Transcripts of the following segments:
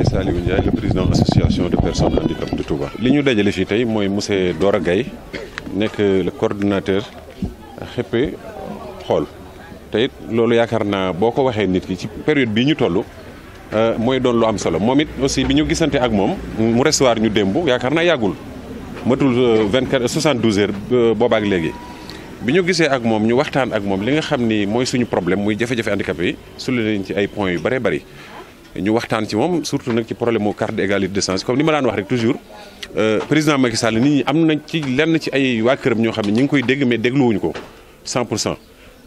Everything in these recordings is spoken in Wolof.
Abdoulaye Saliou Ndiaye le président association de personnes handicapées de Touba. li ñu dajale fii tey mooy monsieur Dora Gaye nekk le coordinateur xëppe xool te loolu yaakaar naa boo ko waxee nit ki ci période bii ñu toll euh, mooy doon lu am solo moom it aussi bi ñu gisante ak moom mu recevoir ñu démb yaakaar naa yàggul matul 24 euh, 72 heures euh, boobaak léegi. bi ñu gisee ak moom ñu waxtaan ak moom li nga xam ni mooy suñu problème muy jafe-jafe handicapé yi su leen ci ay point yu bëree bëri ñu waxtaan ci moom surtout nag ci problème mu carte d'égalité des chances comme ni ma daan wax rek toujours euh, président Macky Sall nit ñi am na ci lenn ci ay waa këram ñoo xam ne ñu ngi koy dégg mais dégluwuñu ko 100 pour cent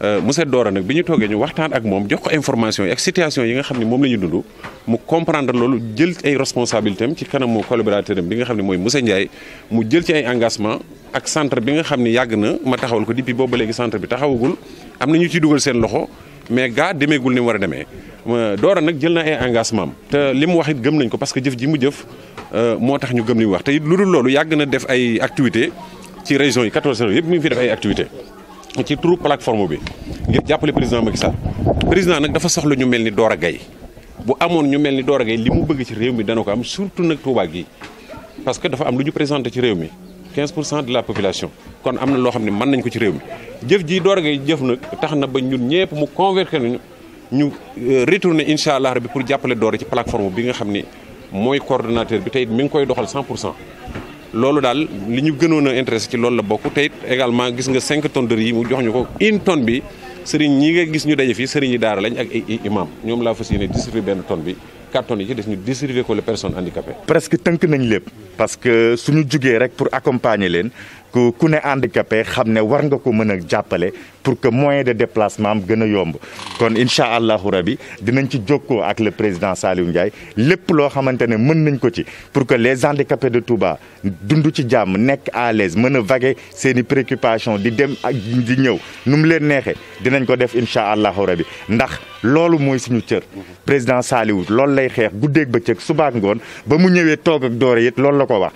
euh, monsieur Dora nag bi ñu toogee ñu waxtaan ak moom jox ko information yi ak situation yi nga xam ne moom la ñu dund mu comprendre loolu jël ay responsabilités ci kanamu collaborateur am bi nga xam ne mooy monsieur Ndiaye mu jël ci ay engagement ak centre bi nga xam ne yàgg na ma taxawal ko depuis boobu ba léegi centre bi taxawagul am na ñu dugal seen loxo. mais gaa demeegul ni mu war a demee euh, Dora nag jël na ay engagement te li mu wax it gëm nañ ko parce que jëf ji mu jëf euh, moo tax ñu gëm ni mu wax te it lu dul loolu yàgg na def ay activité ci région yi 14 régions mi ngi fi def ay activité ci turu plateforme bi ngir jàppale président Macky Sall président nag dafa soxla ñu mel ni Dora Gaye bu amoon ñu mel ni Dora Gaye li mu bëgg ci réew mi dana ko am surtout nag Touba gi parce que dafa am lu ñu présenté ci réew mi 15 pour cent de la population. kon am na loo xam ne mën nañ ko ci réew mi jëf ji door ngay jëf nag tax na ba ñun ñëpp mu convaincre nañu ñu euh, retourner incha allah rabbi pour jàppale doore ci plateforme bi nga xam ni mooy coordonnateur bi tey mi ngi koy doxal 100 pour cent loolu daal li ñu gënoon a ci lool la bokk tey également gis nga cinq tonnes de riz yi mu jox ñu ko une ton bi sëriñ ñi nga gis ñu daje fii sëriñ yi daara lañ ak ay imam ñoom laa fas yéene distribuer benn bi 4 tonnes yi ci des ñu distribuer ko les personnes handicapées. presque nañ lépp parce que suñu jugee rek accompagner leen ku ne handicapé xam ne war nga ko mën a jàppale pour que moyen de déplacement am gën a yomb kon incha allahu rabi dinañ ci jokkoo ak le président Saliou Ndiaye lépp loo xamante ne mën nañ ko ci pour que les handicapés de Touba dund ci jàmm nekk à l'aise mën a vaguer seeni i préoccupation di dem ak di ñëw nu mu leen neexee dinañ ko def incha allahu rabi ndax loolu mooy suñu cër président Saliou loolu lay xeex ba bëccëg subaak ngoon ba mu ñëwee toog ak doore it loolu la ko wax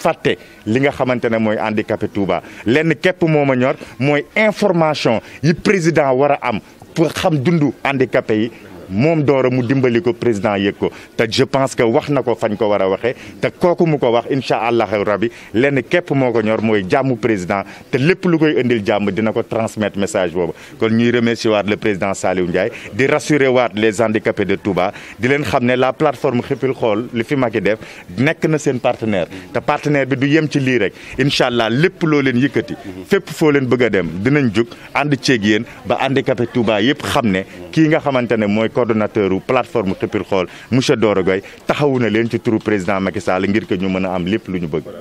fàtte li nga xamante ne mooy handicapé Touba lenn képp moo ma ñor mooy information yi président war a am pour xam dundu handicapé yi moom Doro mu dimbali ko président yëg ko te je pense que wax na ko fañ ko war a waxee te kooku mu ko wax incha allahu rabi lenn képp moo ko ñor mooy jàmm président te lépp lu koy indil jàmm dina ko transmettre message boobu. kon ñuy remercier waat le président Saliou Ndiaye di rassurer waat les handicapés de Touba di leen xam ne la plateforme Xipil Xool li fi Macky def nekk na seen partenaire te partenaire bi du yem ci lii rek incha allah lépp loo leen yëkkati mhm. fépp foo leen bëgg a dem dinañ jug ànd ceeg yéen ba handicapé Touba yëpp xam ne. kii nga xamante ne mooy coordonnateur u plateforme Xëppil Xool monsieur Doro Gueye taxawu na leen ci turu président Macky Sall ngir que ñu mën a am lépp lu ñu bëgg